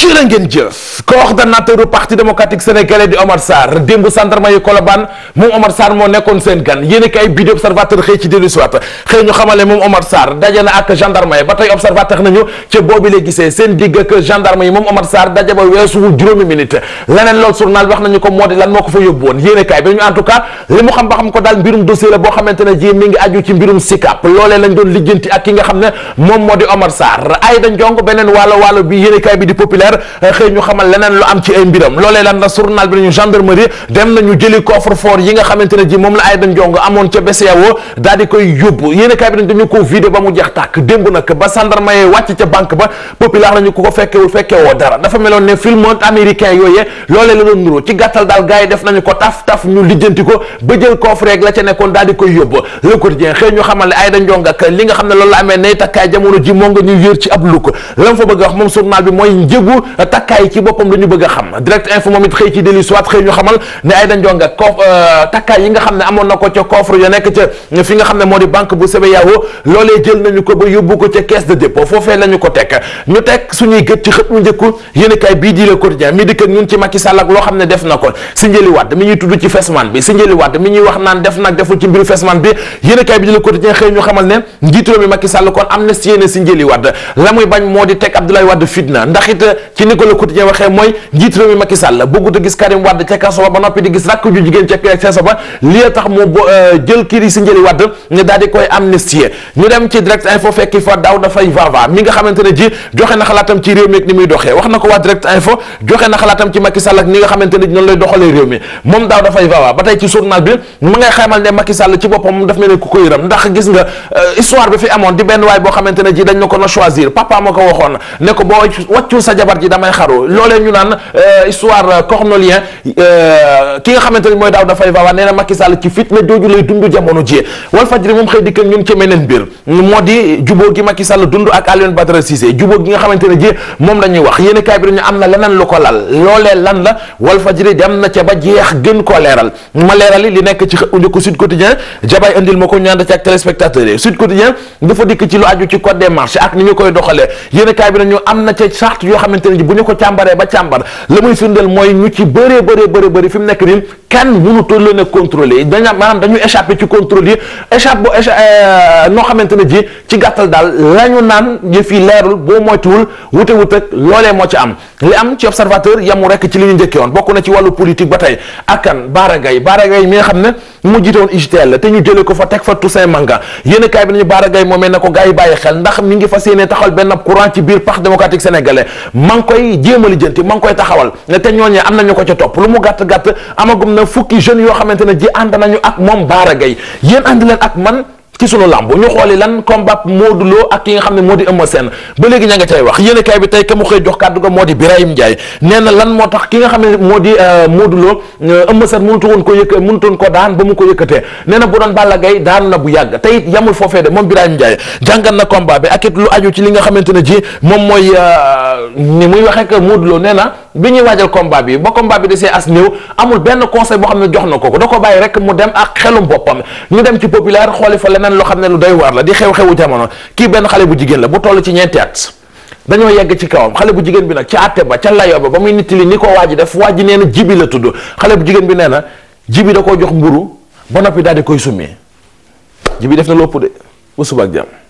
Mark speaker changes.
Speaker 1: jërë ngeen jëf coordonnateur du parti démocratique sénégalais di Omar Sarr démb sandarma yu Colobane moom Omar Sarr moo nekkoon seen gan yéen bi di observateur xëy ci dellu siwaat xëy ñu xamale moom Omar Sarr daje na ak gendarme yi ba tey observateur nañu ca boobi la gisee seen digg ak gendarme yi moom Omar Sarr daje ba weesuwu juróomi minute leneen loolu journal wax nañu ko moo di lan moo ko fa yóbbu woon yéen bi ñu en tout cas li mu populaire euh, xëy ñu xamal leneen lu am ci ba mu jeex tàkk la doon nuroo ci gàttal daal gars def nañu ko taf taf ñu lijjanti ko ba jël coffre rek la ca nekkoon daal di koy yóbbu le quotidien xëy ñu xamal ne ay dañ jong ak li nga xam ne loolu la amee nay takkaay jamono ji moo nga ñuy wéer ci ab lukk lam fa bëgg wax moom journal bi mooy njëg njëgu takkaay ci boppam la bëgg a xam direct info moom it xamal ne euh, ay yi nga xam ne amoon na ko ca coffre ya la muy bañ moo di teg Abdoulaye Wade fitna ndax ci ni ko Le Quotidien waxee mooy njiit réew mi Macky Sall bëggut a gis Karim Wade euh, nga na xalaatam ci réew mi euh, histoire bi fi amoon di benn waay boo xamante ji dañ na ko na choisir papa ma waxoon ne ko boo wàccu sa sa jabar ji damay xaru loolee ñu naan euh, histoire euh, cornélien euh, ki nga xamante ni mooy daaw dafay vawa nee na Macky Sall ci fitna jooju lay dund jamono ji Walf Fadjri moom xëy dikk ñun ci meneen mbir moo di jubóo gi Macky Sall dund ak Alioune Badara Cissé jubóo gi nga xamante ne ji moom la ñuy wax yéen kaay bi dañu am na leneen lu ko lal loolee lan la Walf Fadjri dem na ca ba jeex gën koo leeral ma leerali li nekk ci xëy ko Sud Quotidien ma ko ñu ànd ci ak téléspectateurs yi Sud dikk ci lu aju ci code des marchés ak ñu koy doxalee yéen kaay bi dañu am na ca charte xamante ne ji bu ñu ko càmbaree ba càmbar la muy firndeel mooy ñu ci bëree bëree bëri bëri fi mu nekk nii kenn mënutoon leen a contrôler dañu maanaam dañu échappé ci contrôle yi échappe bu euh, noo xamante ne ji ci gàttal daal la ñu naan yëf yi leerul boo moytuwul wute wut loolee moo ci am li am ci observateur yamu rek ci li ñu njëkkee woon bokk na ci wàllu politique ba tey akkan Baara Gaye Baara Gaye mi nga xam ne mu jiite woon UGTL la te ñu jëlee ko fa teg fa Toussaint Manga yéen kaay bi nañu Baara Gaye moomee na ko gars yi bàyyi xel ndax mi ngi fas yéene taxawal benn courant ci biir parti démocratique sénégalais maa ngi koy a lijjanti maa ngi koy taxawal ca topp lu mu fukki jeune yoo xamante ne ji ànd nañu ak moom Baara Gaye yéen ànd leen ak man ci sunu làmb ñu xooli lan combat Modou ak ki nga xam ne moo di Eumeu Sène ba léegi ña nga cay wax yéen bi tey ka mu jox kàddu ga moo di Birahim Ndiaye nee na lan moo tax ki nga xam ne moo di euh, Modou Lo euh, Eumeu Sène mënutu woon ko yëkk mënutoon ko daan ba mu ko yëkkatee nee na bu doon Balla Gaye daanu na bu yàgg te it yamul foofee de moom Birahim Ndiaye jàngat na combat bi ak it lu aju ci li nga xamante ne ji moom mooy euh, ni muy waxee que Modou Lo nee na bi ñuy waajal combat bi ba combat bi desee as néew amul benn conseil boo xam ne jox na ko ko da ko bàyyi rek mu dem ak xelum boppam ñu dem ci populaire xooli fa leneen loo xam ne lu day waar la di xew-xewu jamono kii benn xale bu jigéen la bu toll ci ñeenti at dañoo yegg ci kawam xale bu jigéen bi nag ci àtte ba ca layo ba ba muy nit li ni ko waa ji def waa nee na jibi la tudd xale bu jigéen bi nee na jibi da koo jox mburu ba noppi daal di koy summi jibi def na lopp de bu suba ak